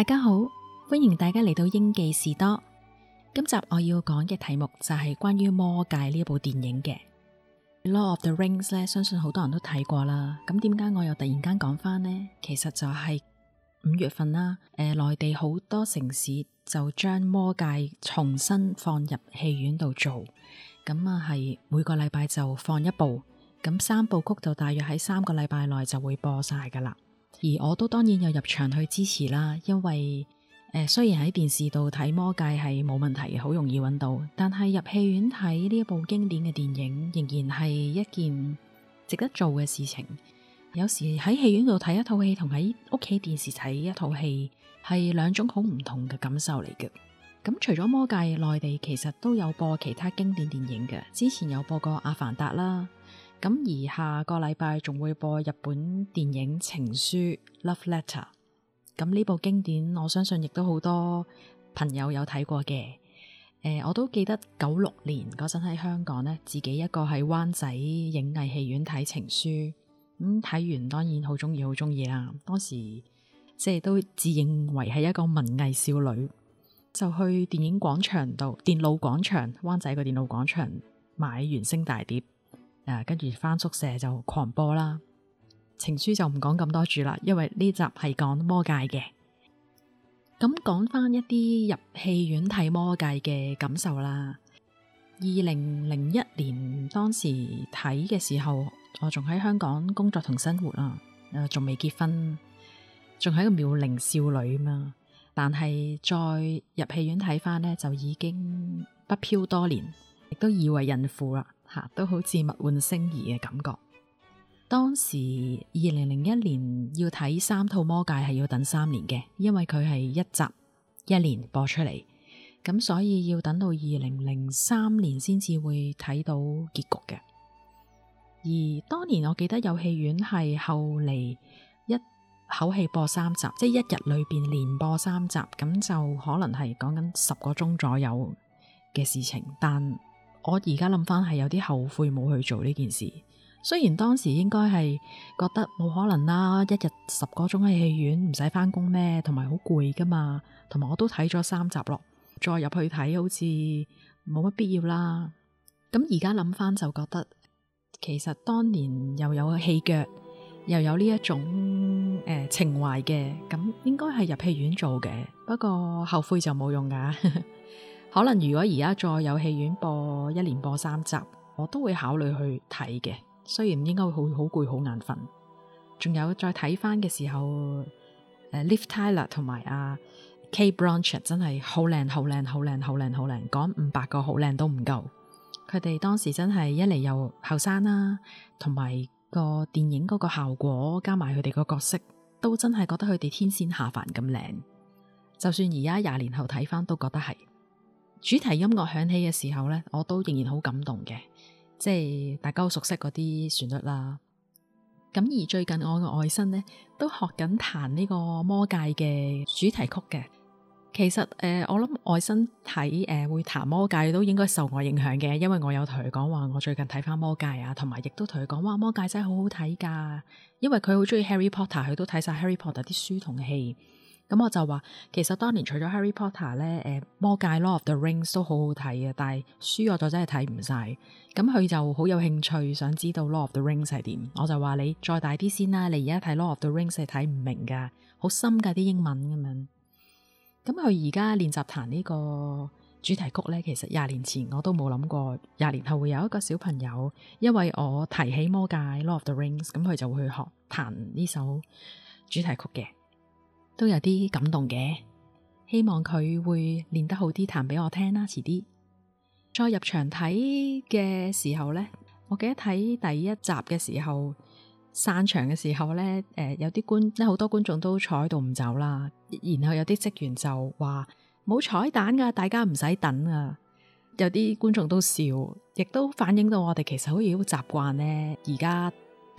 大家好，歡迎大家嚟到英記士多。今集我要講嘅題目就係關於《魔戒》呢部電影嘅《Lord of the Rings》咧，相信好多人都睇過啦。咁點解我又突然間講翻呢？其實就係五月份啦。誒、呃，內地好多城市就將《魔戒》重新放入戲院度做，咁啊係每個禮拜就放一部，咁三部曲就大約喺三個禮拜內就會播晒噶啦。而我都當然有入場去支持啦，因為誒、呃、雖然喺電視度睇《魔戒》係冇問題，好容易揾到，但係入戲院睇呢一部經典嘅電影，仍然係一件值得做嘅事情。有時喺戲院度睇一套戲，同喺屋企電視睇一套戲，係兩種好唔同嘅感受嚟嘅。咁除咗《魔戒》，內地其實都有播其他經典電影嘅，之前有播過《阿凡達》啦。咁而下個禮拜仲會播日本電影《情書》（Love Letter）。咁呢部經典，我相信亦都好多朋友有睇過嘅。誒、呃，我都記得九六年嗰陣喺香港咧，自己一個喺灣仔影藝戲院睇《情書》。嗯，咁睇完當然好中意，好中意啦。當時即係都自認為係一個文藝少女，就去電影廣場度、電腦廣場、灣仔個電腦廣場買原聲大碟。跟住翻宿舍就狂播啦。情書就唔講咁多住啦，因為呢集係講魔戒嘅。咁、嗯、講翻一啲入戲院睇魔戒嘅感受啦。二零零一年當時睇嘅時候，我仲喺香港工作同生活啊，仲、啊、未結婚，仲係一個妙齡少女嘛。但係再入戲院睇翻呢，就已經北漂多年，亦都已為孕婦啦。吓，都好似物換星移嘅感覺。當時二零零一年要睇三套魔戒係要等三年嘅，因為佢係一集一年播出嚟，咁所以要等到二零零三年先至會睇到結局嘅。而當年我記得有戲院係後嚟一口氣播三集，即係一日裏邊連播三集，咁就可能係講緊十個鐘左右嘅事情，但。我而家諗翻係有啲後悔冇去做呢件事，雖然當時應該係覺得冇可能啦，一日十個鐘喺戲院唔使翻工咩？同埋好攰噶嘛，同埋我都睇咗三集咯，再入去睇好似冇乜必要啦。咁而家諗翻就覺得，其實當年又有戲腳，又有呢一種誒、呃、情懷嘅，咁應該係入戲院做嘅，不過後悔就冇用噶。 可能如果而家再有戲院播，一年播三集，我都會考慮去睇嘅。雖然應該會好好攰，好眼瞓。仲有再睇翻嘅時候，誒、uh，Liv Tyler 同埋阿 Cate Blanchett 真係好靚，好靚，好靚，好靚，好靚。講五百個好靚都唔夠。佢哋當時真係一嚟又後生啦，同埋個電影嗰個效果，加埋佢哋個角色，都真係覺得佢哋天仙下凡咁靚。就算而家廿年後睇翻，都覺得係。主題音樂響起嘅時候呢，我都仍然好感動嘅，即係大家好熟悉嗰啲旋律啦。咁而最近我嘅外甥呢，都學緊彈呢個魔戒嘅主題曲嘅。其實誒、呃，我諗外甥睇誒、呃、會彈魔戒都應該受我影響嘅，因為我有同佢講話，我最近睇翻魔戒啊，同埋亦都同佢講，哇，魔戒真係好好睇㗎。因為佢好中意 Harry Potter，佢都睇晒 Harry Potter 啲書同戲。咁我就話其實當年除咗 Harry Potter 咧，誒、魔戒《Lord of the Rings》都好好睇嘅，但係書我就真係睇唔晒。咁佢就好有興趣，想知道《Lord of the Rings》係點。我就話你再大啲先啦，你而家睇《Lord of the Rings》係睇唔明噶，好深噶啲英文咁樣。咁佢而家練習彈呢個主題曲咧，其實廿年前我都冇諗過廿年後會有一個小朋友，因為我提起魔戒《Lord of the Rings》，咁佢就會去學彈呢首主題曲嘅。都有啲感動嘅，希望佢會練得好啲，彈俾我聽啦。遲啲再入場睇嘅時候呢，我記得睇第一集嘅時候，散場嘅時候呢，誒、呃，有啲觀，即係好多觀眾都坐喺度唔走啦。然後有啲職員就話冇彩蛋噶，大家唔使等啊。有啲觀眾都笑，亦都反映到我哋其實好似好習慣呢。而家。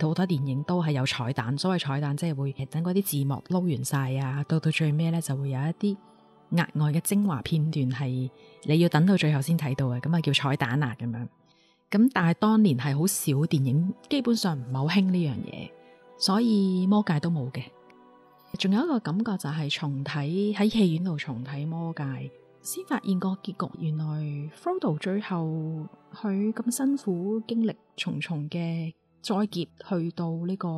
好多電影都係有彩蛋，所謂彩蛋即係會等嗰啲字幕撈完晒啊，到到最尾咧就會有一啲額外嘅精華片段係你要等到最後先睇到嘅，咁啊叫彩蛋啊咁樣。咁但係當年係好少電影，基本上唔係好興呢樣嘢，所以《魔戒》都冇嘅。仲有一個感覺就係重睇喺戲院度重睇《魔戒》，先發現個結局原來 Frodo 最後佢咁辛苦經歷重重嘅。再劫去到呢個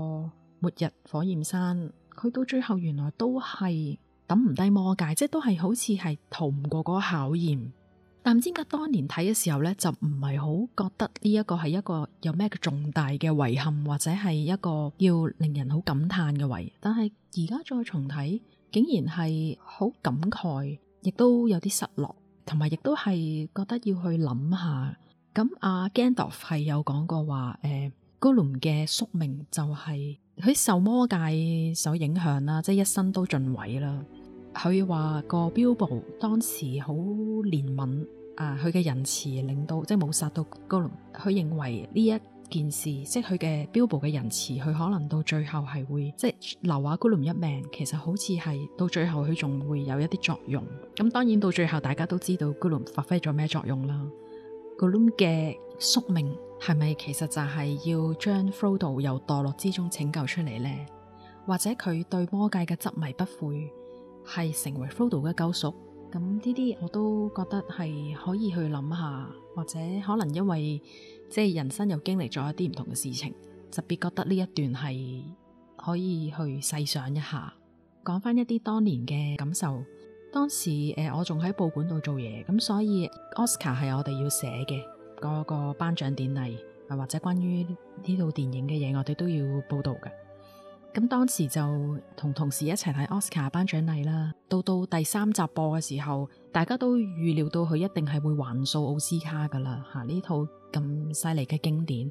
末日火焰山，佢到最後原來都係揼唔低魔戒，即係都係好似係逃唔過嗰個考驗。但唔知點解當年睇嘅時候咧，就唔係好覺得呢一個係一個有咩嘅重大嘅遺憾，或者係一個要令人好感嘆嘅遺，但係而家再重睇，竟然係好感慨，亦都有啲失落，同埋亦都係覺得要去諗下。咁阿、啊、Gandalf 係有講過話，誒、欸。Gulum 嘅宿命就係佢受魔界所影響啦，即係一生都盡毀啦。佢話個 Bilbo 當時好憐憫啊，佢嘅仁慈令到即係冇殺到 Gulum。佢認為呢一件事，即係佢嘅 Bilbo 嘅仁慈，佢可能到最後係會即係留下 Gulum 一命。其實好似係到最後佢仲會有一啲作用。咁當然到最後，大家都知道 Gulum 發揮咗咩作用啦。Gulum 嘅宿命。係咪其實就係要將 Frodo 由墮落之中拯救出嚟呢？或者佢對魔戒嘅執迷不悔，係成為 Frodo 嘅救贖？咁呢啲我都覺得係可以去諗下，或者可能因為即係人生又經歷咗一啲唔同嘅事情，特別覺得呢一段係可以去細想一下，講翻一啲當年嘅感受。當時誒、呃，我仲喺報館度做嘢，咁所以 Oscar 係我哋要寫嘅。嗰個頒獎典禮，啊，或者關於呢套電影嘅嘢，我哋都要報道㗎。咁當時就同同事一齊睇 Oscar 頒獎禮啦。到到第三集播嘅時候，大家都預料到佢一定係會橫掃奧斯卡噶啦嚇。啊，呢套咁犀利嘅經典，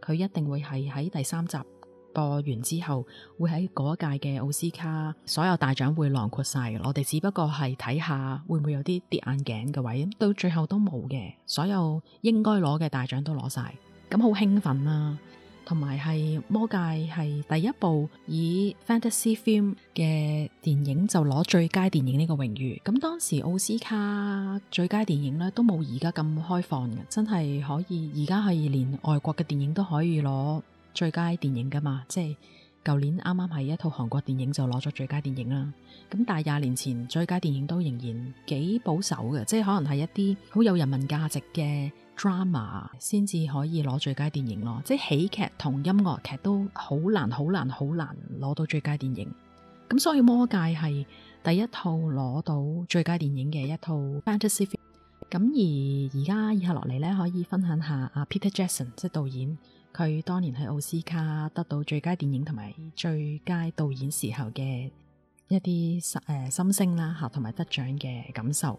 佢一定會係喺第三集。播完之後，會喺嗰一屆嘅奧斯卡所有大獎會囊括晒。我哋只不過係睇下會唔會有啲跌眼鏡嘅位，到最後都冇嘅。所有應該攞嘅大獎都攞晒，咁好興奮啦！同埋係魔戒係第一部以 fantasy film 嘅電影就攞最佳電影呢個榮譽。咁當時奧斯卡最佳電影咧都冇而家咁開放嘅，真係可以而家可以連外國嘅電影都可以攞。最佳電影噶嘛，即係舊年啱啱係一套韓國電影就攞咗最佳電影啦。咁但係廿年前最佳電影都仍然幾保守嘅，即係可能係一啲好有人文價值嘅 drama 先至可以攞最佳電影咯。即係喜劇同音樂劇都好難、好難、好難攞到最佳電影。咁所以《魔戒》係第一套攞到最佳電影嘅一套 fantasy film。咁而而家以下落嚟咧，可以分享下阿 Peter Jackson 即係導演。佢當年喺奧斯卡得到最佳電影同埋最佳導演時候嘅一啲心誒心聲啦，同埋得獎嘅感受。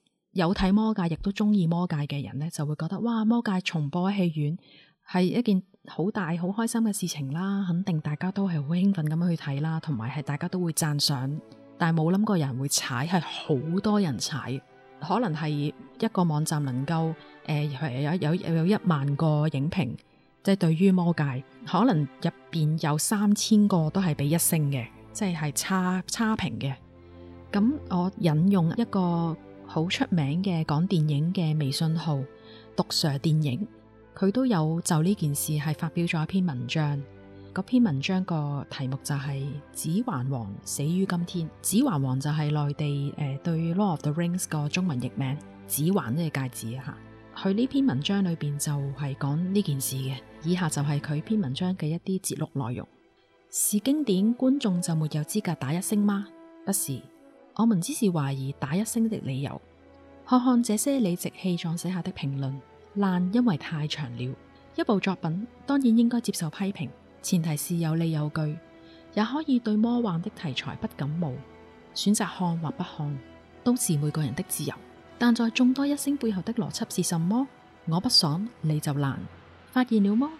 有睇魔界，亦都中意魔界嘅人呢，就會覺得哇！魔界重播戲院係一件好大好開心嘅事情啦，肯定大家都係好興奮咁樣去睇啦，同埋係大家都會讚賞，但係冇諗過人會踩，係好多人踩，可能係一個網站能夠誒、呃、有有有、有一萬個影評，即係對於魔界可能入邊有三千個都係俾一星嘅，即係係差差評嘅。咁我引用一個。好出名嘅講電影嘅微信號毒蛇電影，佢都有就呢件事係發表咗一篇文章。嗰篇文章個題目就係、是《指環王》死於今天，《指環王》就係內地誒、呃、對《Lord of the Rings》個中文譯名，《指環》即係戒指吓，佢呢篇文章裏邊就係講呢件事嘅。以下就係佢篇文章嘅一啲節錄內容：是經典，觀眾就沒有資格打一聲嗎？不是。我們只是懷疑打一星的理由。看看這些理直氣壯寫下的評論，爛因為太長了。一部作品當然應該接受批評，前提是有理有據。也可以對魔幻的題材不感冒，選擇看或不看，都是每個人的自由。但在眾多一星背後的邏輯是什麼？我不爽你就爛，發現了麼？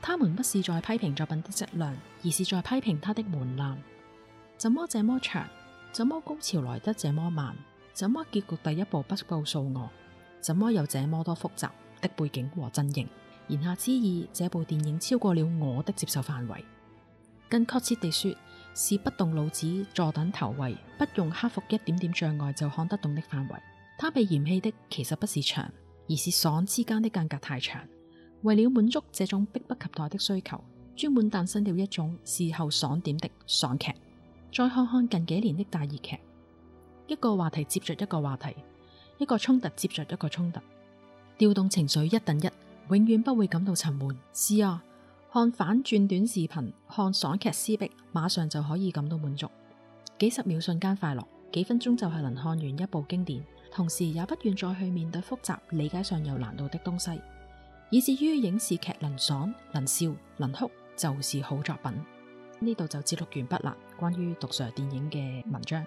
他們不是在批評作品的質量，而是在批評它的門檻。怎麼這麼長？怎麼高潮來得這麼慢？怎麼結局第一部不告訴我？怎麼有這麼多複雜的背景和陣營？言下之意，這部電影超過了我的接受範圍。更確切地說，是不動腦子、坐等投餵、不用克服一點點障礙就看得懂的範圍。他被嫌棄的其實不是長，而是爽之間的間隔太長。為了滿足這種迫不及待的需求，專門誕生了一種事後爽點的爽劇。再看看近幾年的大熱劇，一個話題接着一個話題，一個衝突接着一個衝突，調動情緒一等一，永遠不會感到沉悶。是啊，看反轉短視頻，看爽劇撕逼，馬上就可以感到滿足，幾十秒瞬間快樂，幾分鐘就係能看完一部經典，同時也不願再去面對複雜理解上有難度的東西，以至於影視劇能爽能笑能哭，就是好作品。呢度就節錄完畢啦。關於獨 s i 電影嘅文章，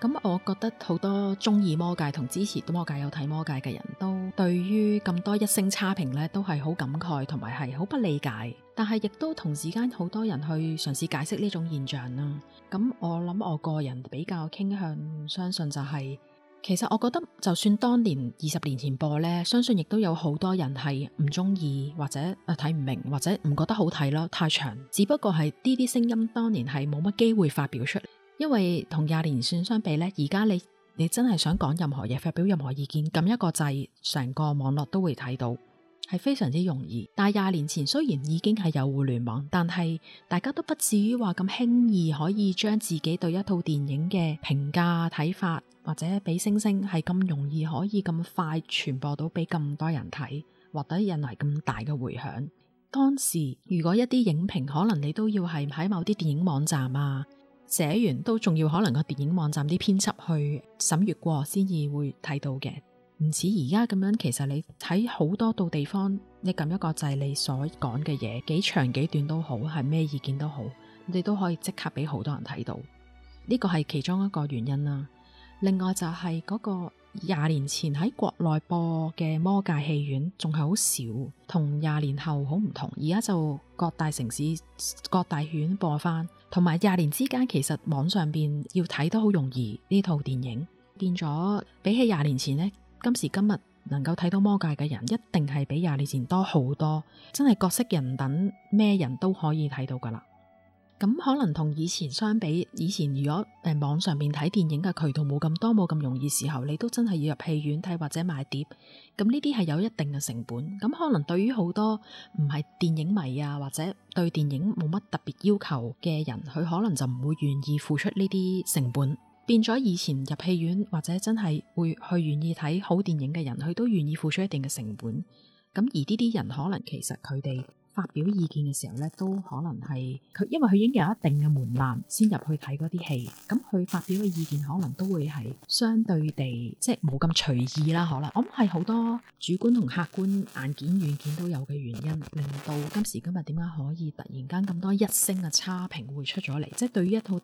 咁我覺得好多中意魔界同支持魔界有睇魔界嘅人都對於咁多一星差評咧，都係好感慨同埋係好不理解。但係亦都同時間好多人去嘗試解釋呢種現象啦。咁我諗我個人比較傾向相信就係，是。其實我覺得，就算當年二十年前播呢，相信亦都有好多人係唔中意，或者睇唔明，或者唔覺得好睇咯，太長。只不過係呢啲聲音當年係冇乜機會發表出嚟，因為同廿年前相比呢，而家你你真係想講任何嘢，發表任何意見，撳一個掣，成個網絡都會睇到，係非常之容易。但係廿年前雖然已經係有互聯網，但係大家都不至於話咁輕易可以將自己對一套電影嘅評價睇法，或者俾星星係咁容易可以咁快傳播到俾咁多人睇，或者引來咁大嘅回響。當時如果一啲影評，可能你都要係喺某啲電影網站啊寫完，都仲要可能個電影網站啲編輯去審閱過先至會睇到嘅。唔似而家咁樣，其實你睇好多到地方，你撳一個掣，你所講嘅嘢，幾長幾短都好，係咩意見都好，你都可以即刻俾好多人睇到。呢個係其中一個原因啦。另外就係嗰個廿年前喺國內播嘅魔戒戲院，仲係好少，同廿年後好唔同。而家就各大城市各大院播返，同埋廿年之間其實網上邊要睇都好容易呢套電影，變咗比起廿年前呢，今時今日能夠睇到魔戒嘅人一定係比廿年前多好多，真係各色人等咩人都可以睇到㗎喇。咁可能同以前相比，以前如果誒、呃、網上面睇電影嘅渠道冇咁多，冇咁容易時候，你都真係要入戲院睇或者買碟，咁呢啲係有一定嘅成本。咁可能對於好多唔係電影迷啊，或者對電影冇乜特別要求嘅人，佢可能就唔會願意付出呢啲成本。變咗以前入戲院或者真係會去願意睇好電影嘅人，佢都願意付出一定嘅成本。咁而呢啲人可能其實佢哋。發表意見嘅時候呢，都可能係佢，因為佢已經有一定嘅門檻先入去睇嗰啲戲，咁佢發表嘅意見可能都會係相對地即係冇咁隨意啦，可能我諗係好多主觀同客觀硬件軟件都有嘅原因，令到今時今日點解可以突然間咁多一星嘅差評會出咗嚟？即係對於一套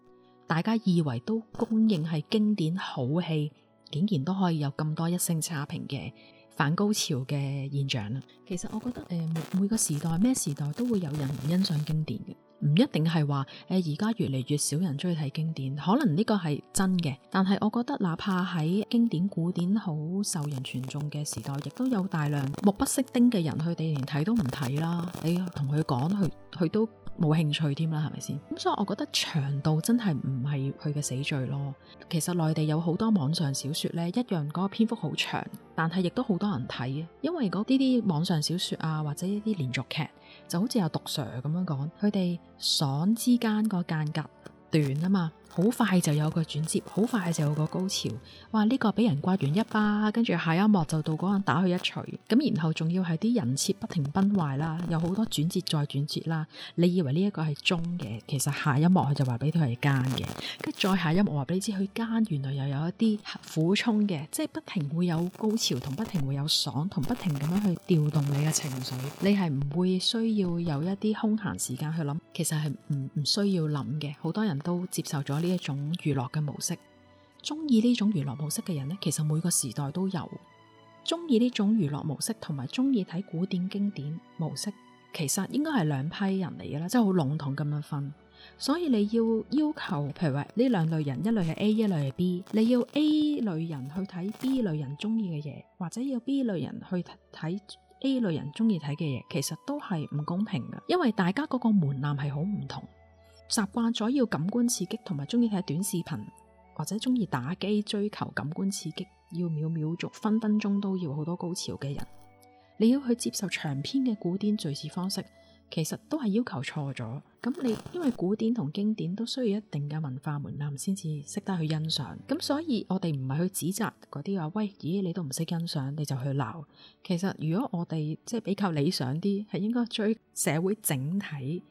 大家以為都公認係經典好戲，竟然都可以有咁多一星差評嘅。反高潮嘅現象。其實我覺得、呃、每每個時代咩時代都會有人唔欣賞經典嘅。唔一定係話誒而家越嚟越少人鍾意睇經典，可能呢個係真嘅。但係我覺得哪怕喺經典古典好受人傳頌嘅時代，亦都有大量目不識丁嘅人，佢哋連睇都唔睇啦。你同佢講，佢佢都。冇興趣添啦，係咪先？咁所以我覺得長度真係唔係佢嘅死罪咯。其實內地有好多網上小說咧，一樣嗰篇幅好長，但係亦都好多人睇嘅，因為嗰啲啲網上小說啊，或者一啲連續劇，就好似阿毒 Sir 咁樣講，佢哋爽之間個間隔短啊嘛。好快就有個轉折，好快就有個高潮。哇！呢個俾人刮完一巴，跟住下一幕就到嗰個打佢一錘。咁然後仲要係啲人設不停崩壞啦，有好多轉折再轉折啦。你以為呢一個係中嘅，其實下一幕佢就話俾佢係奸嘅。跟住再下一幕話俾你知佢奸，原來又有一啲苦衷嘅，即係不停會有高潮同不停會有爽，同不停咁樣去調動你嘅情緒。你係唔會需要有一啲空閒時間去諗，其實係唔唔需要諗嘅。好多人都接受咗。呢一種娛樂嘅模式，中意呢種娛樂模式嘅人呢，其實每個時代都有。中意呢種娛樂模式同埋中意睇古典經典模式，其實應該係兩批人嚟嘅啦，即係好籠統咁樣分。所以你要要求，譬如話呢兩類人，一類係 A，一類係 B，你要 A 類人去睇 B 類人中意嘅嘢，或者要 B 類人去睇 A 類人中意睇嘅嘢，其實都係唔公平嘅，因為大家嗰個門檻係好唔同。習慣咗要感官刺激，同埋中意睇短視頻，或者中意打機，追求感官刺激，要秒秒續，分分鐘都要好多高潮嘅人，你要去接受長篇嘅古典敘事方式，其實都係要求錯咗。咁你因為古典同經典都需要一定嘅文化門檻先至識得去欣賞，咁所以我哋唔係去指責嗰啲話，喂，咦，你都唔識欣賞，你就去鬧。其實如果我哋即係比較理想啲，係應該追社會整體。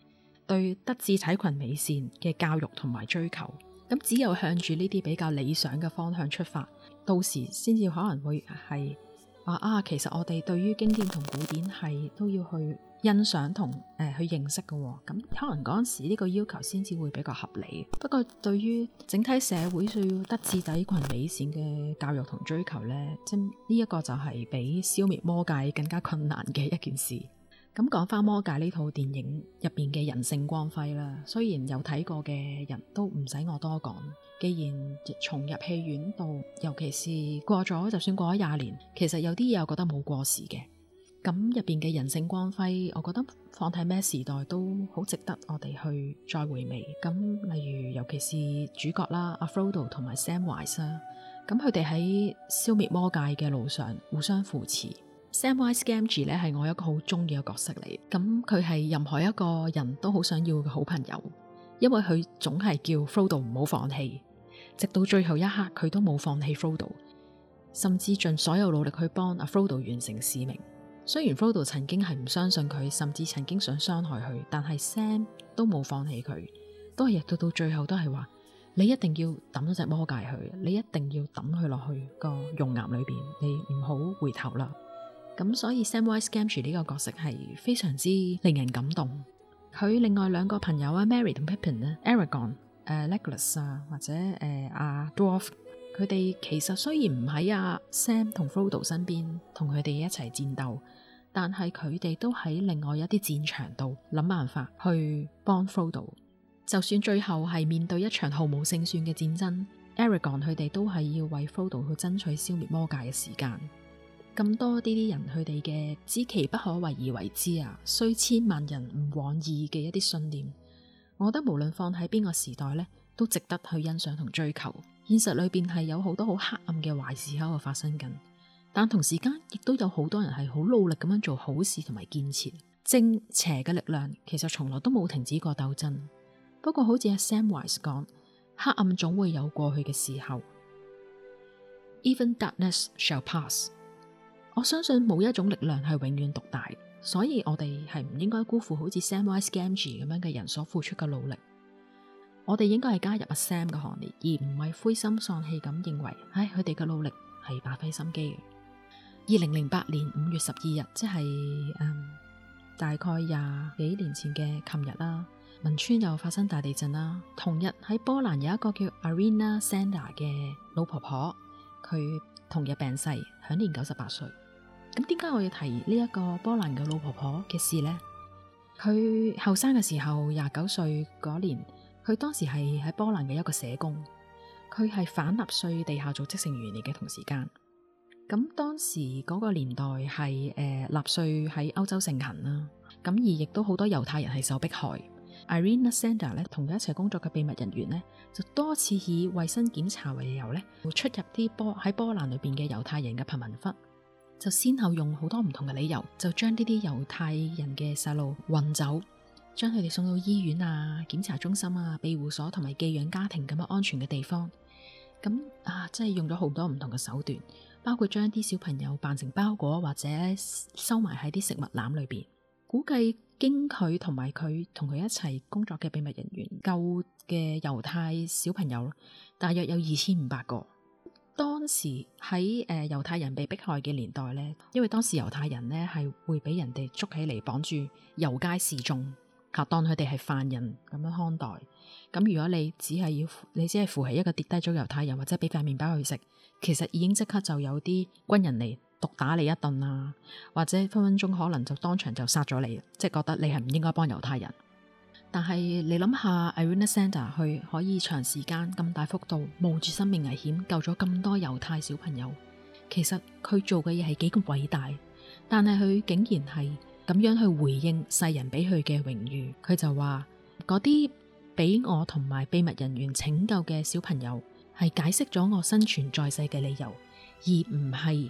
對德智體群美善嘅教育同埋追求，咁只有向住呢啲比較理想嘅方向出發，到時先至可能會係話啊，啊，其實我哋對於經典同古典係都要去欣賞同誒、呃、去認識嘅、哦，咁可能嗰陣時呢個要求先至會比較合理。不過對於整體社會需要德智體群美善嘅教育同追求咧，即呢一個就係比消滅魔戒更加困難嘅一件事。咁講翻《魔戒》呢套電影入邊嘅人性光輝啦，雖然有睇過嘅人都唔使我多講，既然從入戲院到，尤其是過咗，就算過咗廿年，其實有啲嘢我覺得冇過時嘅。咁入邊嘅人性光輝，我覺得放喺咩時代都好值得我哋去再回味。咁例如，尤其是主角啦，Frodo 同埋 Samwise 啦，咁佢哋喺消滅魔戒嘅路上互相扶持。Samwise Gamgee 咧，係我一個好中意嘅角色嚟嘅，咁佢係任何一個人都好想要嘅好朋友，因為佢總係叫 Frodo 唔好放棄，直到最後一刻佢都冇放棄 Frodo，甚至盡所有努力去幫阿 Frodo 完成使命。雖然 Frodo 曾經係唔相信佢，甚至曾經想傷害佢，但係 Sam 都冇放棄佢，都係直到到最後都係話你一定要揼咗隻魔戒佢，你一定要揼佢落去，去，個熔岩裏邊，你唔好回頭啦。咁所以 Samwise Gamgee 呢個角色係非常之令人感動。佢另外兩個朋友啊，Mary 同 Pippin 咧，Aragorn、誒、uh, Legolas、uh, 啊或者誒阿、uh, uh, Dwarf，佢哋其實雖然唔喺阿 Sam 同 Frodo 身邊，同佢哋一齊戰鬥，但係佢哋都喺另外一啲戰場度諗辦法去幫 Frodo。就算最後係面對一場毫無勝算嘅戰爭，Aragorn 佢哋都係要為 Frodo 去爭取消滅魔戒嘅時間。咁多啲啲人，佢哋嘅知其不可為而為之啊，雖千萬人唔往矣嘅一啲信念，我覺得無論放喺邊個時代呢，都值得去欣賞同追求。現實裏邊係有好多好黑暗嘅壞事喺度發生緊，但同時間亦都有好多人係好努力咁樣做好事同埋堅持。正邪嘅力量其實從來都冇停止過鬥爭。不過好似阿 Samwise 講，黑暗總會有過去嘅時候，Even darkness shall pass。我相信冇一種力量係永遠獨大，所以我哋係唔應該辜負好似 Samwise Gamgee 咁樣嘅人所付出嘅努力。我哋應該係加入阿 Sam 嘅行列，而唔係灰心喪氣咁認為，唉，佢哋嘅努力係白費心機嘅。二零零八年五月十二日，即係、嗯、大概廿幾年前嘅琴日啦，汶川又發生大地震啦。同日喺波蘭有一個叫 Irena Sendler 嘅老婆婆，佢，同日病逝，享年九十八歲。咁點解我要提呢一個波蘭嘅老婆婆嘅事呢？佢後生嘅時候廿九歲嗰年，佢當時係喺波蘭嘅一個社工，佢係反納粹地下組織成員嚟嘅同時間。咁當時嗰個年代係誒納粹喺歐洲盛行啦，咁而亦都好多猶太人係受迫害。Irena Sendler 咧，同佢一齊工作嘅秘密人員呢，就多次以衛生檢查為由咧，會出入啲波喺波蘭裏邊嘅猶太人嘅貧民窟，就先後用好多唔同嘅理由，就將呢啲猶太人嘅細路運走，將佢哋送到醫院啊、檢查中心啊、庇護所同埋寄養家庭咁樣安全嘅地方。咁啊，真係用咗好多唔同嘅手段，包括將啲小朋友扮成包裹或者收埋喺啲食物籃裏邊，估計。經佢同埋佢同佢一齊工作嘅秘密人員救嘅猶太小朋友，大約有二千五百個。當時喺誒猶太人被迫害嘅年代咧，因為當時猶太人咧係會俾人哋捉起嚟，綁住遊街示眾，吓當佢哋係犯人咁樣看待。咁如果你只係要你只係扶起一個跌低咗猶太人或者俾塊麵包佢食，其實已經即刻就有啲軍人嚟。毒打你一頓啊，或者分分鐘可能就當場就殺咗你，即係覺得你係唔應該幫猶太人。但係你諗下 Irena Sendler 佢可以長時間咁大幅度冒住生命危險，救咗咁多猶太小朋友，其實佢做嘅嘢係幾咁偉大。但係佢竟然係咁樣去回應世人俾佢嘅榮譽，佢就話嗰啲俾我同埋秘密人員拯救嘅小朋友係解釋咗我生存在世嘅理由，而唔係。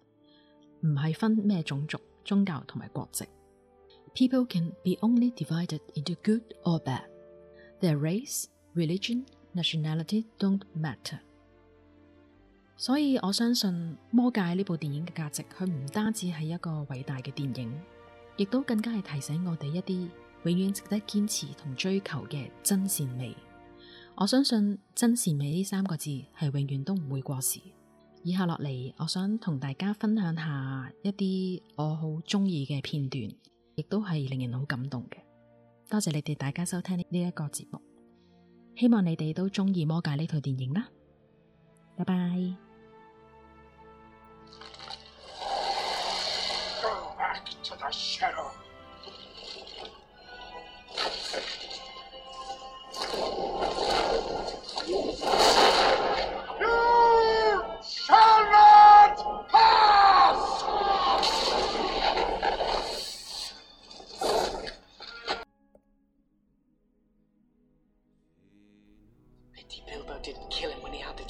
唔係分咩種族、宗教同埋國籍，people can be only divided into good or bad，their race，religion，nationality don't matter。所以我相信《魔戒》呢部電影嘅價值，佢唔單止係一個偉大嘅電影，亦都更加係提醒我哋一啲永遠值得堅持同追求嘅真善美。我相信真善美呢三個字係永遠都唔會過時。以下落嚟，我想同大家分享下一啲我好中意嘅片段，亦都係令人好感動嘅。多謝你哋大家收聽呢一個節目，希望你哋都中意《魔戒》呢套電影啦。拜拜。